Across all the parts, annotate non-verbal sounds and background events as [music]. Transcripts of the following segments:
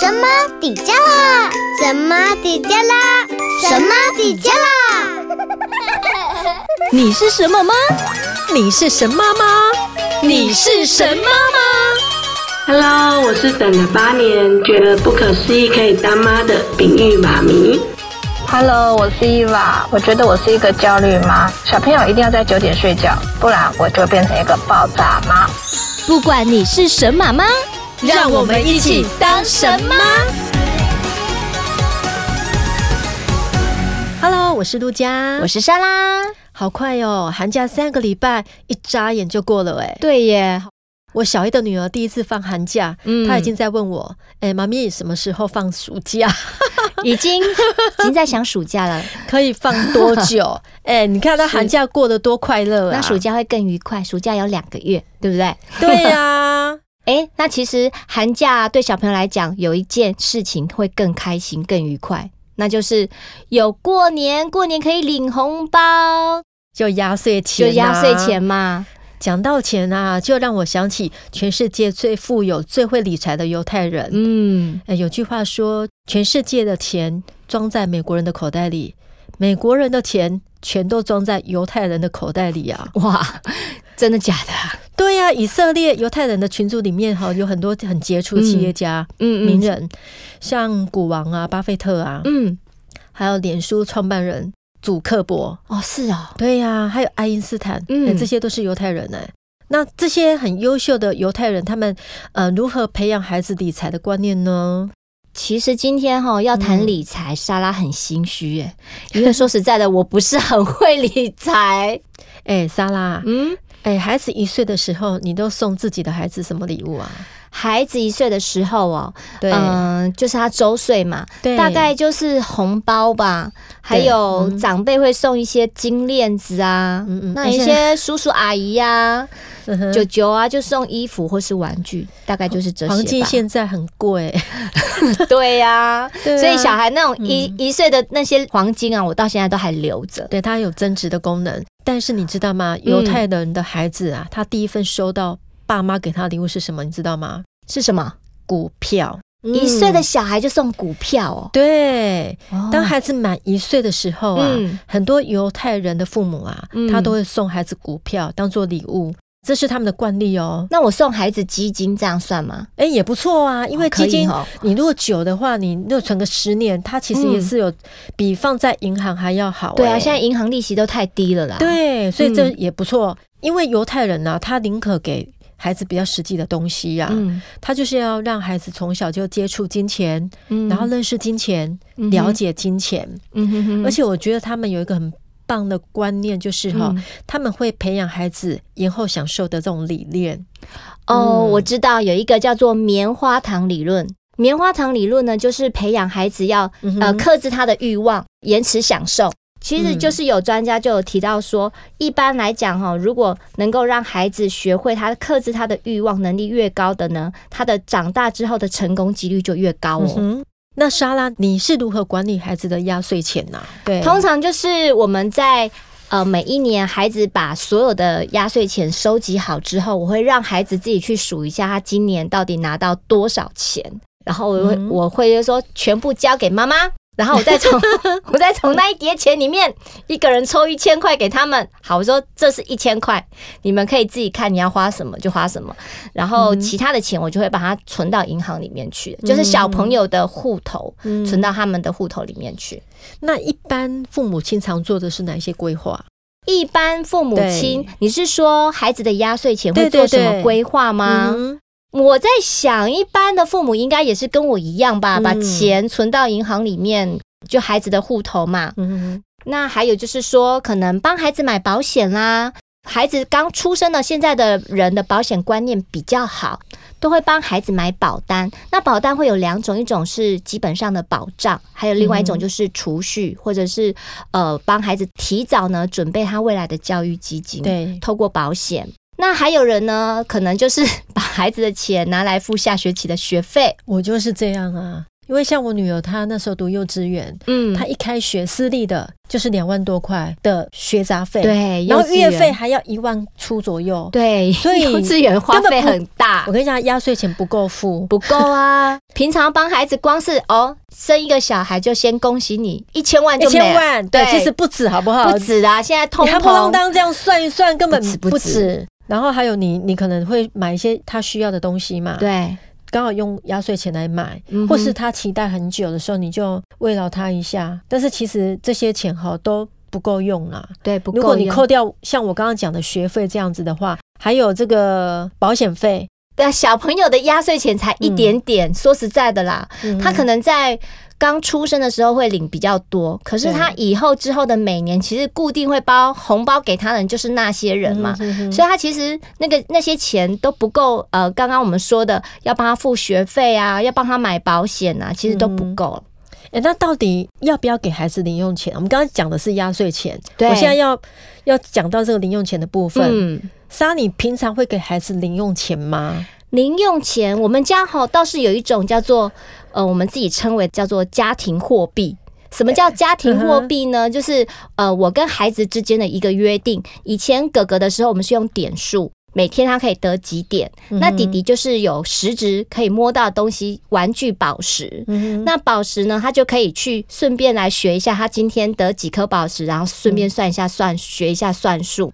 神媽底加拉？神媽底加拉？神媽底加拉？你是什麼媽？你是神媽嗎？你是神媽嗎？Hello，我是等了八年覺得不可思議可以當媽的秉諭媽咪。Hello，我是伊娃，我覺得我是一個焦慮媽。小朋友一定要在九點睡覺，不然我就變成一個爆炸媽。不管你是什麼媽，媽，讓我們一起當神媽。Hello，我是杜佳，我是莎拉。好快哦，寒假三個禮拜一眨眼就過了哎。對耶，我小一的女兒第一次放寒假，嗯、她已經在問我，哎、欸，媽咪什麼時候放暑假？已經已經在想暑假了， [laughs] 可以放多久？哎、 [laughs] 欸，你看她寒假過得多快樂、啊、那暑假會更愉快，暑假有兩個月，對不對？對呀、啊。 [laughs] 哎、欸，那其實寒假、啊、對小朋友來講，有一件事情會更開心、更愉快，那就是有過年，過年可以領紅包，就壓歲錢、啊，就壓歲錢嘛。講到錢啊，就讓我想起全世界最富有、最會理財的猶太人。嗯、欸，有句話說，全世界的錢裝在美國人的口袋裡，美國人的錢全都裝在猶太人的口袋裡啊！哇，真的假的？對呀、啊，以色列猶太人的群組裡面哈有很多很傑出的企業家、嗯、名人、嗯嗯，像股王啊、巴菲特啊，嗯，還有臉書創辦人祖克伯哦，是哦，對呀、啊，還有愛因斯坦，嗯，欸、這些都是猶太人、欸、那這些很優秀的猶太人，他們呃如何培養孩子理財的觀念呢？其實今天吼要談理財，莎拉很心虛耶、嗯，因為說實在的，我不是很會理財。哎、 [laughs] 欸，莎拉，嗯，哎、欸，孩子一歲的時候，你都送自己的孩子什麼禮物啊？孩子一歲的時候哦對，嗯，就是他周歲嘛，大概就是紅包吧，還有長輩會送一些金鏈子啊，嗯嗯，那一些叔叔阿姨呀、啊、舅、欸、舅啊，就送衣服或是玩具，大概就是這些。黃金現在很貴、 [laughs] 啊，對呀、啊，所以小孩那種一、嗯、一歲的那些黃金啊，我到現在都還留着。對，它有增值的功能。但是你知道嗎？猶太人的孩子啊、嗯，他第一份收到爸媽給他的禮物是什麼？你知道嗎？是什麼股票？嗯、一歲的小孩就送股票哦。對，哦、當孩子滿一歲的時候啊，嗯、很多猶太人的父母啊、嗯，他都會送孩子股票當做禮物、嗯，這是他們的慣例哦。那我送孩子基金，這樣算嗎？哎、欸，也不錯啊，因為基金你如果久的話，你又存個十年，它其實也是有比放在銀行還要好、欸嗯。對啊，現在銀行利息都太低了啦。對，所以這也不錯、嗯，因為猶太人呢、啊，他寧可給。孩子比較實際的東西呀、啊嗯，他就是要讓孩子從小就接觸金錢、嗯，然後認識金錢，嗯、了解金錢。嗯，嗯哼哼，而且我覺得他們有一個很棒的觀念，就是哈、嗯，他們會培養孩子延後享受的這種理念。哦，嗯、我知道有一個叫做棉花糖理論，棉花糖理論呢，就是培養孩子要、嗯、呃克制他的慾望，延遲享受。其實就是有專家就有提到說，嗯、一般來講哈，如果能夠讓孩子學會他克制他的慾望能力越高的呢，他的長大之後的成功幾率就越高哦。嗯、那莎拉，你是如何管理孩子的壓歲錢呢、啊？對，通常就是我們在呃每一年孩子把所有的壓歲錢收集好之後，我會讓孩子自己去數一下他今年到底拿到多少錢，然後我會、嗯、我會說全部交給媽媽。 [laughs] 然後我再從 [laughs] [laughs] 我再從那一疊錢裡面，一個人抽一千塊給他們。好，我說這是一千塊，你們可以自己看你要花什麼就花什麼。然後其他的錢我就會把它存到銀行裡面去，就是小朋友的戶頭，存到他們的戶頭裡面去。那一般父母親常做的是哪些規劃？一般父母親，你是說孩子的壓歲錢會做什麼規劃嗎？我在想，一般的父母應該也是跟我一樣吧，把錢存到銀行裡面，就孩子的戶頭嘛。嗯。那還有就是說，可能幫孩子買保險啦。孩子剛出生的，現在的人的保險觀念比較好，都會幫孩子買保單。那保單會有兩種，一種是基本上的保障，還有另外一種就是儲蓄，嗯。或者是呃幫孩子提早呢準備他未來的教育基金。對，透過保險。那還有人呢？可能就是把孩子的錢拿來付下學期的學費。我就是這樣啊，因為像我女兒，她那時候讀幼稚園，嗯，她一開學私立的，就是兩萬多塊的學雜費，對，然後月費還要一萬出左右，對，所以幼稚園花費很大。我跟你講，壓歲錢不夠付，不夠啊！ [laughs] 平常幫孩子，光是哦，生一個小孩就先恭喜你一千萬就沒了，一千萬，對，其實不止，好不好？不止啊！現在通膨，你看通通當這樣算一算，根本不止,不止。不止然後還有你，你可能會買一些他需要的東西嘛？對，剛好用壓歲錢來買、嗯，或是他期待很久的時候，你就慰勞他一下。但是其實這些錢哈都不夠用啊。對，不夠用。如果你扣掉像我剛剛講的學費這樣子的話，還有這個保險費，對，小朋友的壓歲錢才一點點、嗯。說實在的啦，嗯、他可能在。剛出生的時候會領比較多，可是他以後之後的每年其實固定會包紅包給他的人，就是那些人嘛、嗯，是是。所以他其實那個那些錢都不夠。呃，剛剛我們說的要幫他付學費啊，要幫他買保險啊，其實都不夠。哎、嗯欸，那到底要不要給孩子零用錢？我們剛剛講的是壓歲錢。對，我現在要要講到這個零用錢的部分。嗯，莎，你平常會給孩子零用錢嗎？零用錢，我們家好、喔、倒是有一種叫做。呃，我們自己稱為叫做家庭貨幣。什麼叫家庭貨幣呢？ [laughs] 就是呃，我跟孩子之間的一個約定。以前哥哥的時候，我們是用點數，每天他可以得幾點。嗯、那弟弟就是有實質可以摸到的東西，玩具寶石、嗯。那寶石呢，他就可以去順便來學一下，他今天得幾顆寶石，然後順便算一下算，嗯、學一下算術。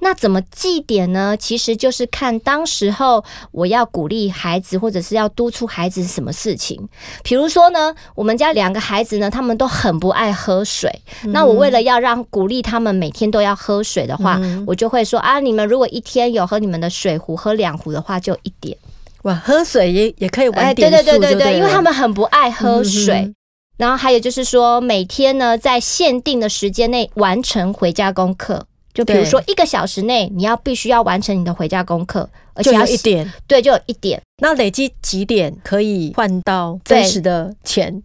那怎麼記點呢？其實就是看當時候我要鼓勵孩子或者是要督促孩子什麼事情。比如說呢，我們家兩個孩子呢，他們都很不愛喝水。嗯、那我為了要讓鼓勵他們每天都要喝水的話，嗯、我就會說啊，你們如果一天有喝你們的水壺喝兩壺的話，就一點。哇，喝水也也可以玩點數就對了。哎、對對對對對，因為他們很不愛喝水、嗯。然後還有就是說，每天呢，在限定的時間內完成回家功課。就比如說，一個小時內你要必須要完成你的回家功課，而且就要一點，對，就有一點。那累積幾點可以換到真實的錢？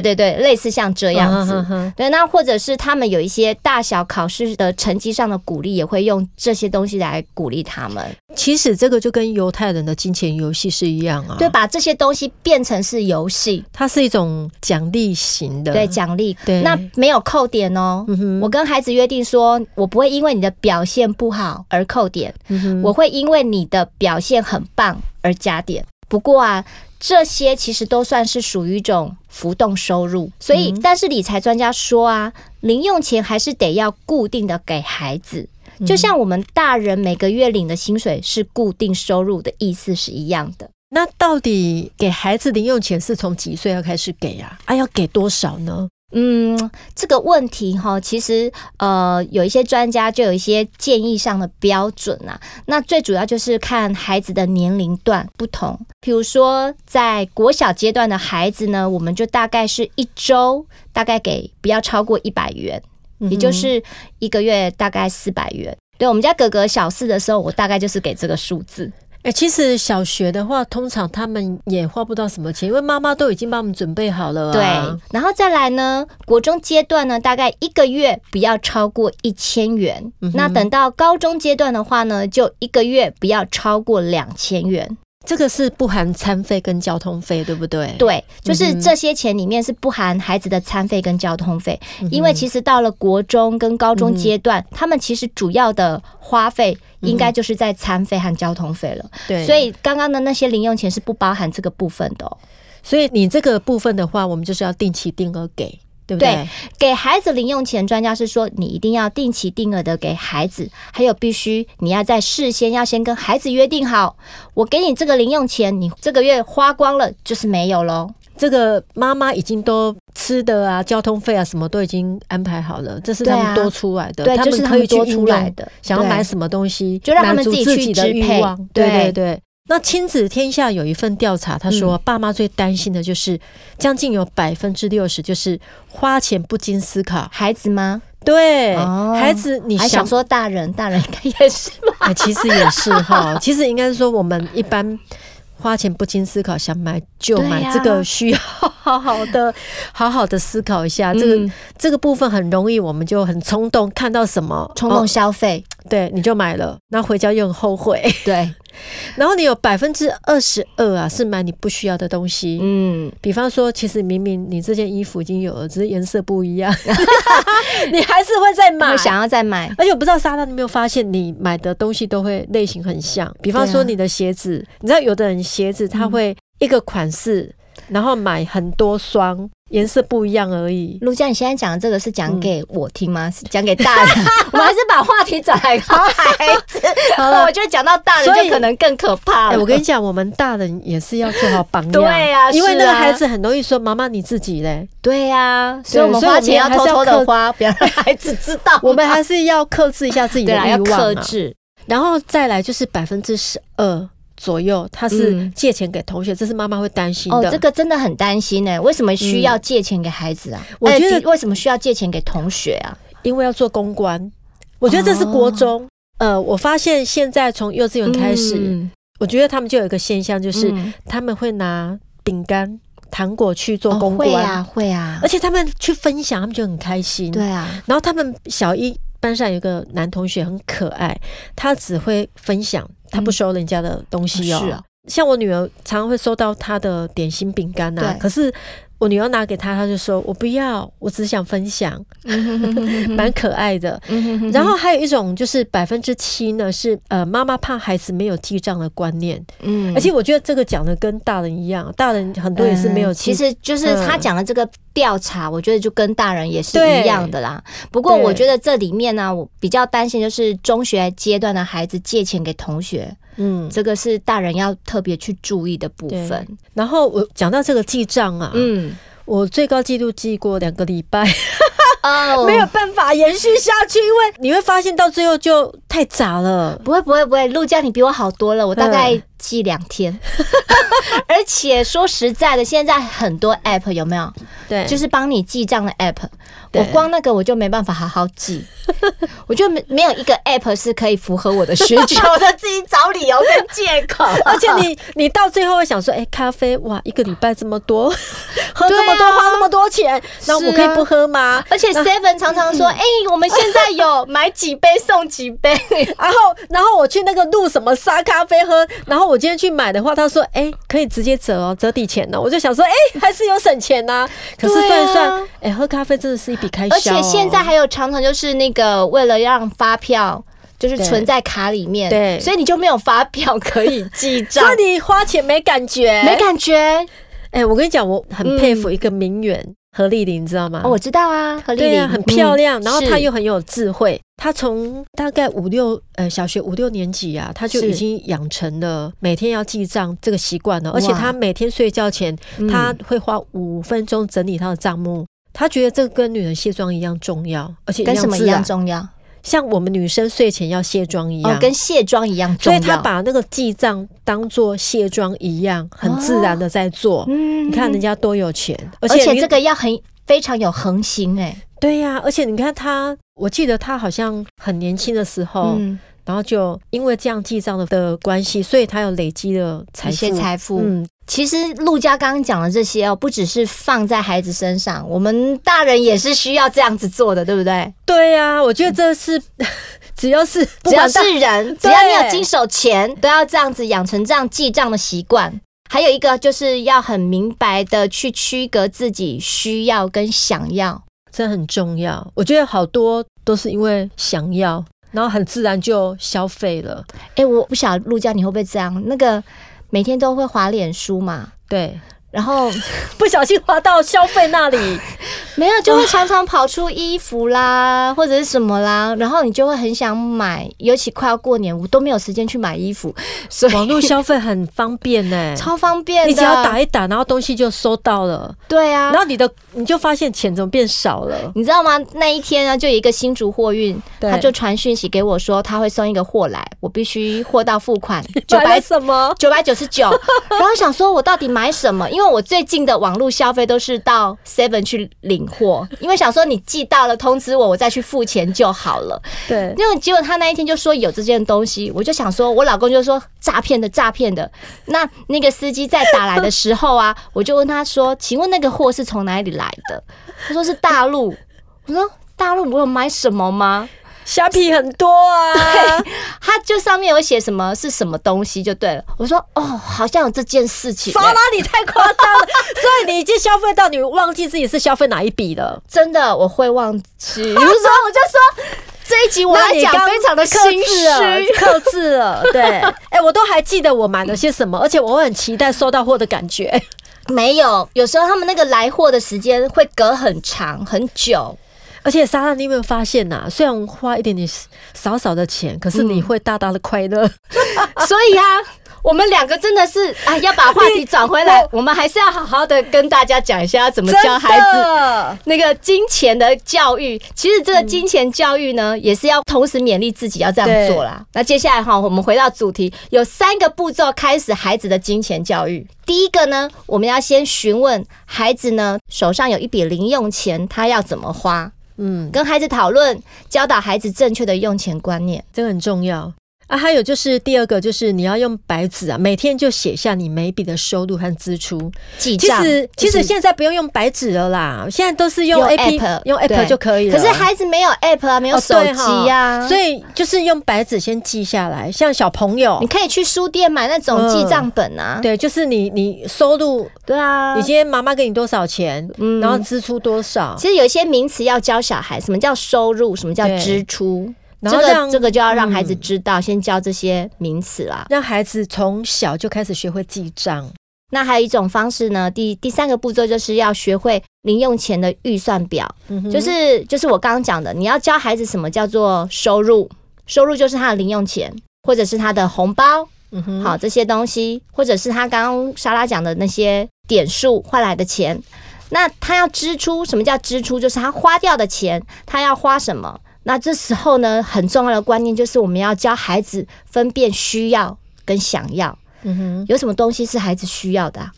對對對，類似像這樣子，嗯哼哼，對，那或者是他們有一些大小考試的成績上的鼓勵，也會用這些東西來鼓勵他們。其實這個就跟猶太人的金錢遊戲是一樣啊，對，把這些東西變成是遊戲，它是一種獎勵型的，對，獎勵。對，那沒有扣點哦，喔嗯，我跟孩子約定說，我不會因為你的表現不好而扣點，嗯，我會因為你的表現很棒而加點。不過啊。這些其實都算是屬於一種浮動收入，所以，嗯，但是理財專家說啊，零用錢還是得要固定的給孩子，就像我們大人每個月領的薪水是固定收入的意思是一樣的。那到底給孩子零用錢是從幾歲要開始給呀？啊？啊，要給多少呢？嗯，這個問題哈、哦，其實呃，有一些專家就有一些建議上的標準吶、啊、那最主要就是看孩子的年齡段不同，比如說在國小階段的孩子呢，我們就大概是一周大概給不要超過一百元，嗯，也就是一個月大概四百元。對，我們家哥哥小四的時候，我大概就是給這個數字。哎，其實小學的話，通常他們也花不到什麼錢，因為媽媽都已經幫我們準備好了、啊。對，然後再來呢，國中階段呢，大概一個月不要超過一千元。嗯、那等到高中階段的話呢，就一個月不要超過兩千元。這個是不含餐費跟交通費，對不對？對，就是這些錢裡面是不含孩子的餐費跟交通費，嗯、因為其實到了國中跟高中階段、嗯，他們其實主要的花費應該就是在餐費和交通費了。對、嗯，所以剛剛的那些零用錢是不包含這個部分的、哦。所以你這個部分的話，我們就是要定期定額給。對不對？對，給孩子零用錢，專家是說，你一定要定期定額的給孩子，還有必須你要在事先要先跟孩子約定好，我給你這個零用錢，你這個月花光了就是沒有嘍。這個媽媽已經都吃的啊、交通費啊什麼都已經安排好了，這是他們多出來的，對啊、他們可以、就是、他們多出來的，想要買什麼東西就讓他們自己去支配，對對對。對那親子天下有一份調查，他說爸媽最擔心的就是將近有百分之六十就是花錢不經思考，孩子嗎？對，哦、孩子你想,還想說大人，大人應該也是嗎、欸？其實也是哈， [laughs] 其實應該是說我們一般花錢不經思考，想買就買、啊，這個需要好好的、 [laughs] 好好的思考一下。這個、嗯、這個部分很容易，我們就很衝動，看到什麼衝動消費、哦，對，你就買了，那回家又很後悔，對。然後你有百分之二十二啊，是買你不需要的東西。嗯，比方說，其實明明你這件衣服已經有了，只是顏色不一樣， [laughs] [laughs] 你還是會再買，想要再買。而且我不知道莎拉，你沒有發現，你買的東西都會類型很像。比方說你的鞋子，啊、你知道有的人鞋子它會一個款式。嗯嗯然後買很多雙，顏色不一樣而已。盧佳，你現在講的這個是講給我、嗯、聽嗎？是講給大人？ [laughs] 我們還是把話題轉來給孩子。 [laughs] 好，我覺得講到大人就可能更可怕了。欸、我跟你講，我們大人也是要做好榜樣。 [laughs] 對呀、啊，因為那個孩子很容易說媽媽、啊、你自己嘞？對呀、啊，所以我們花錢要偷偷的花，不要 [laughs] 讓孩子知道。我們還是要克制一下自己的慾望嘛、啊啊。然後再來就是百分之十二。左右，他是借錢給同學，嗯、這是媽媽會擔心的、哦。這個真的很擔心呢、欸。為什麼需要借錢給孩子啊？嗯、我覺得、欸、為什麼需要借錢給同學啊？因為要做公關。我覺得這是國中。哦、呃，我發現現在從幼稚園開始、嗯，我覺得他們就有一個現象，就是、嗯、他們會拿餅乾、糖果去做公關、哦，會啊，會啊，而且他們去分享，他們就很開心。對啊。然後他們小一班上有個男同學很可愛，他只會分享。他不收人家的東西哦，是啊，像我女兒常常會收到他的點心、餅乾吶。可是我女兒拿給他，他就說：“我不要，我只想分享， [laughs] 蠻 [laughs] 可愛的。”然後還有一種就是百分之七呢，是呃媽媽怕孩子沒有記賬的觀念。嗯，而且我覺得這個講的跟大人一樣，大人很多也是沒有記、嗯。其實就是他講的這個、嗯。調查，我覺得就跟大人也是一樣的啦。不過，我覺得這裡面呢、啊，我比較擔心就是中學階段的孩子借錢給同學，嗯，這個是大人要特別去注意的部分。然後我講到這個記賬啊，嗯，我最高記錄記過兩個禮拜。 [laughs] 啊、oh，沒有辦法延續下去，因為你會發現到最後就太雜了。不會不會不會，陸佳你比我好多了，我大概記兩天。 [laughs] [laughs] 而且說實在的，現在很多 App 有沒有？對，就是幫你記賬的 App。我光那個我就沒辦法好好記， [laughs] 我就沒沒有一個 App 是可以符合我的需求的。 [laughs] [laughs] 我自己找理由跟借口， [laughs] 而且你你到最後會想說，哎、欸，咖啡哇，一個禮拜這麼多， [laughs] 喝這麼多花多錢？那我可以不喝嗎、啊？而且 Seven 常常說，哎、嗯嗯欸，我們現在有買幾杯送幾杯。 [laughs] 然後，然後我去那個路什麼沙咖啡喝。然後我今天去買的話，他說，哎、欸，可以直接折哦，折抵錢呢、哦。我就想說，哎、欸，還是有省錢呢、啊。可是算一算，哎、欸，喝咖啡真的是一筆開銷、哦。而且現在還有常常就是那個為了讓發票就是存在卡裡面，對，對，所以你就沒有發票可以記賬，那你花錢沒感覺，沒感覺。哎、欸，我跟你講，我很佩服一個名媛，嗯、何麗玲，你知道嗎？哦、我知道啊，何麗玲對，啊、很漂亮，嗯、然後她又很有智慧。她從大概五六呃小學五六年級啊，她就已經養成了每天要記賬這個習慣了。而且她每天睡覺前，她會花五分鐘整理她的賬目。她，嗯、覺得這個跟女人卸妝一樣重要，而且跟什麼一樣重要？像我們女生睡前要卸妝一樣，哦、跟卸妝一樣重要。所以她把那個記賬當做卸妝一樣，很自然的在做。嗯、哦，你看人家多有錢，嗯、而且而且這個要很非常有恆心誒。對呀、啊，而且你看她，我記得她好像很年輕的時候、嗯，然後就因為這樣記賬的的關係，所以她有累積的財富，財富。嗯。其實陸家剛剛講的這些哦，不只是放在孩子身上，我們大人也是需要這樣子做的，對不對？對呀、啊，我覺得這是、嗯、只要是只要是人，只要你有經手錢，都要這樣子養成這樣記賬的習慣。還有一個就是要很明白的去區隔自己需要跟想要，這很重要。我覺得好多都是因為想要，然後很自然就消費了。哎、欸，我不曉得陸家你會不會這樣？那個。每天都會滑臉書嘛？對。然後 [laughs] 不小心滑到消費那裡，沒有就會常常跑出衣服啦，或者是什麼啦，然後你就會很想買，尤其快要過年，我都沒有時間去買衣服，網絡消費很方便呢，超方便，你只要打一打，然後東西就收到了，對啊，然後你的你就發現錢怎麼變少了，你知道嗎？那一天呢，就有一個新竹貨運，他就傳訊息給我說他會送一個貨來，我必須貨到付款，九百什麼？九百九十九，然後想說我到底買什麼， [laughs] 因為。因為我最近的網絡消費都是到 Seven 去領貨，因為想說你寄到了通知我，我再去付錢就好了。對，因為結果他那一天就說有這件東西，我就想說，我老公就說詐騙的詐騙的。那那個司機在打來的時候啊，我就問他說：“請問那個貨是從哪裡來的？”他說是大陸。我說大陸我有買什麼嗎？蝦皮很多啊，對，它，就上面有寫什麼是什麼東西就對了。我說哦，好像有這件事情。欸、莎拉，你太誇張了， [laughs] 所以你已經消費到你忘記自己是消費哪一筆了。真的，我會忘記。比 [laughs] 如說，我就說這一集我來講非常的克制啊，克制了、了。對，哎、欸，我都還記得我買了些什麼，而且我很期待收到貨的感覺。 [laughs] 沒有，有時候他們那個來貨的時間會隔很長很久。而且，莎拉，你有沒有發現吶、啊？雖然花一點點少少的錢，可是你會大大的快樂。嗯、 [laughs] 所以啊，我們兩個真的是啊、哎，要把話題轉回來。 [laughs] 我們還是要好好的跟大家講一下，要怎麼教孩子那個金錢的教育。其實，這個金錢教育呢，嗯、也是要同時勉勵自己要這樣做啦。那接下來哈，我們回到主題，有三個步驟開始孩子的金錢教育。第一個呢，我們要先詢問孩子呢，手上有一筆零用錢，他要怎麼花？嗯，跟孩子討論，教導孩子正確的用錢觀念，嗯，這個很重要。啊，還有就是第二個，就是你要用白紙啊，每天就寫下你每筆的收入和支出記賬。其實其實現在不用用白紙了啦，現在都是用 AP, app 用 app 就可以了。可是孩子沒有 app 啊，沒有手機啊、哦，所以就是用白紙先記下來。像小朋友，你可以去書店買那種記賬本啊、嗯。對，就是你你收入對啊，你今天媽媽給你多少錢，然後支出多少。嗯、其實有一些名詞要教小孩，什麼叫收入，什麼叫支出。這個這個就要讓孩子知道，嗯、先教這些名詞啦，讓孩子從小就開始學會記賬。那還有一種方式呢，第第三個步驟就是要學會零用錢的預算表，嗯、就是就是我剛剛講的，你要教孩子什麼叫做收入？收入就是他的零用錢，或者是他的紅包，嗯哼，好這些東西，或者是他剛剛莎拉講的那些點數換來的錢。那他要支出，什麼叫支出？就是他花掉的錢，他要花什麼？那這時候呢，很重要的觀念就是我們要教孩子分辨需要跟想要。嗯哼，有什麼東西是孩子需要的啊？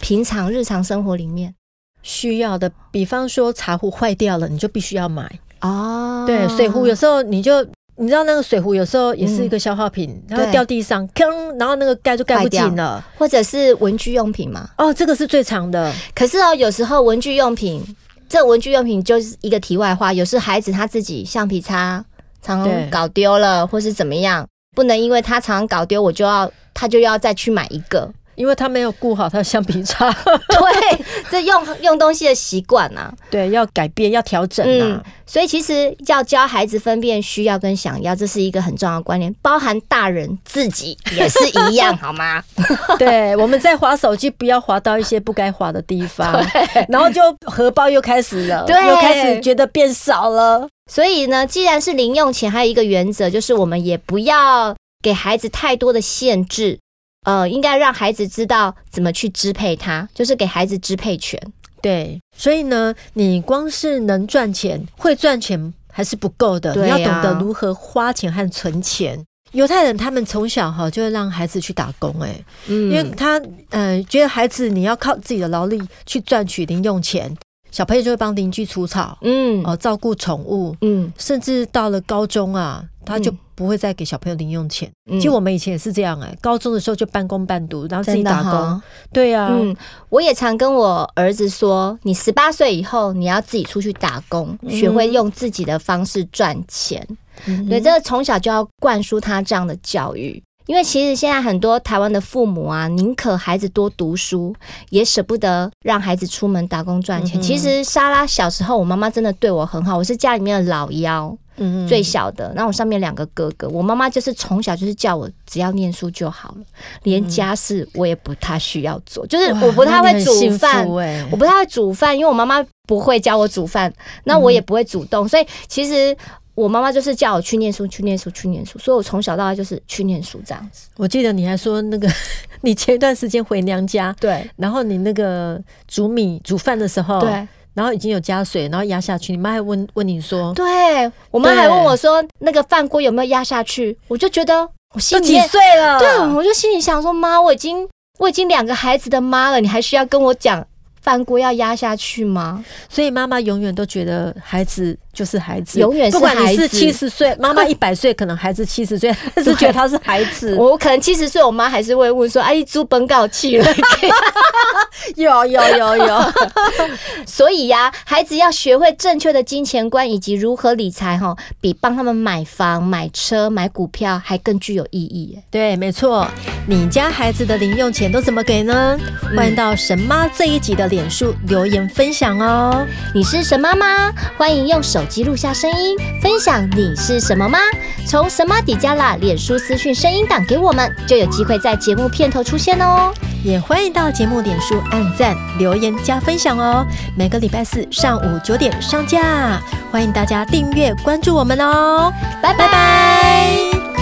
平常日常生活裡面需要的，比方說茶壺壞掉了，你就必須要買哦。對，水壺有時候你就你知道那個水壺有時候也是一個消耗品，嗯，然後掉地上，然後那個蓋就蓋不緊了，或者是文具用品嘛。哦，這個是最常的。可是哦，有時候文具用品。這文具用品就是一個題外話。有時孩子他自己橡皮擦常常搞丟了，或是怎麼樣，不能因為他常搞丟，我就要他就要再去買一個。因為他沒有顧好他的橡皮擦，對，這用用東西的習慣啊，對，要改變，要調整啊。嗯，所以其實要教孩子分辨「需要」跟「想要，這是一個很重要的觀念，包含大人自己也是一樣， [laughs] 好嗎？對，我們在滑手機，不要滑到一些不該滑的地方， [laughs] 然後就荷包又開始了，對，又開始覺得變少了，所以呢，既然是零用錢，還有一個原則就是，我們也不要給孩子太多的限制。呃，應該讓孩子知道怎麼去支配他，就是給孩子支配權。對，所以呢，你光是能賺錢、會賺錢還是不夠的對，啊，你要懂得如何花錢和存錢。猶太人他們從小哈就會讓孩子去打工、欸，哎、嗯，因為他嗯、呃、覺得孩子你要靠自己的勞力去賺取零用錢。小朋友就會幫鄰居除草，嗯，哦，照顧寵物，嗯，甚至到了高中啊，他就不會再給小朋友零用錢。嗯，其實我們以前也是這樣哎，欸，高中的時候就半工半讀，然後自己打工，對啊，嗯，我也常跟我兒子說，你十八歲以後你要自己出去打工，嗯，學會用自己的方式賺錢，嗯。對，這個從小就要灌輸他這樣的教育。因為其實現在很多台灣的父母啊，寧可孩子多讀書，也舍不得讓孩子出門打工賺錢。嗯嗯，其實莎拉小時候，我媽媽真的對我很好，我是家裡面的老幺，嗯嗯，最小的，那我上面兩個哥哥，我媽媽就是從小就是叫我只要念書就好了，嗯嗯，連家事我也不太需要做，就是我不太會煮飯、欸，我不太會煮飯，因為我媽媽不會教我煮飯，那我也不會主動，嗯、所以其實。我媽媽就是叫我去念書，去念書，去念書，所以我從小到大就是去念書這樣子。我記得你還說那個，你前一段時間回娘家，對，然後你那個煮米煮飯的時候，對，然後已經有加水，然後壓下去，你媽還問問你說，對，我媽還問我說那個飯鍋有沒有壓下去？我就覺得我心裡面幾歲了，對，我就心裡想說，媽，我已經我已經兩個孩子的媽了，你還需要跟我講飯鍋要壓下去嗎？所以媽媽永遠都覺得孩子。就是孩子，永遠是孩子。不管你是七十歲，孩子七十歲，媽媽一百歲，哦，可能孩子七十歲，是覺得他是孩子。我可能七十歲，我媽還是會問說：“哎，租本到期了。”有有有有， [laughs] 所以呀、啊，孩子要學會正確的金錢觀以及如何理財，哈，比幫他們買房、買車、買股票還更具有意義。對，沒錯。你家孩子的零用錢都怎麼給呢？歡迎到神媽這一集的臉書留言分享哦。嗯、你是神媽媽，歡迎用手。記錄下聲音，分享你是什麼媽，從神媽底加拉臉書私訊聲音檔給我們，就有機會在節目片頭出現哦。也歡迎到節目臉書按讚、留言加分享哦。每個禮拜四上午九點上架，歡迎大家訂閱關注我們哦。拜拜拜。Bye bye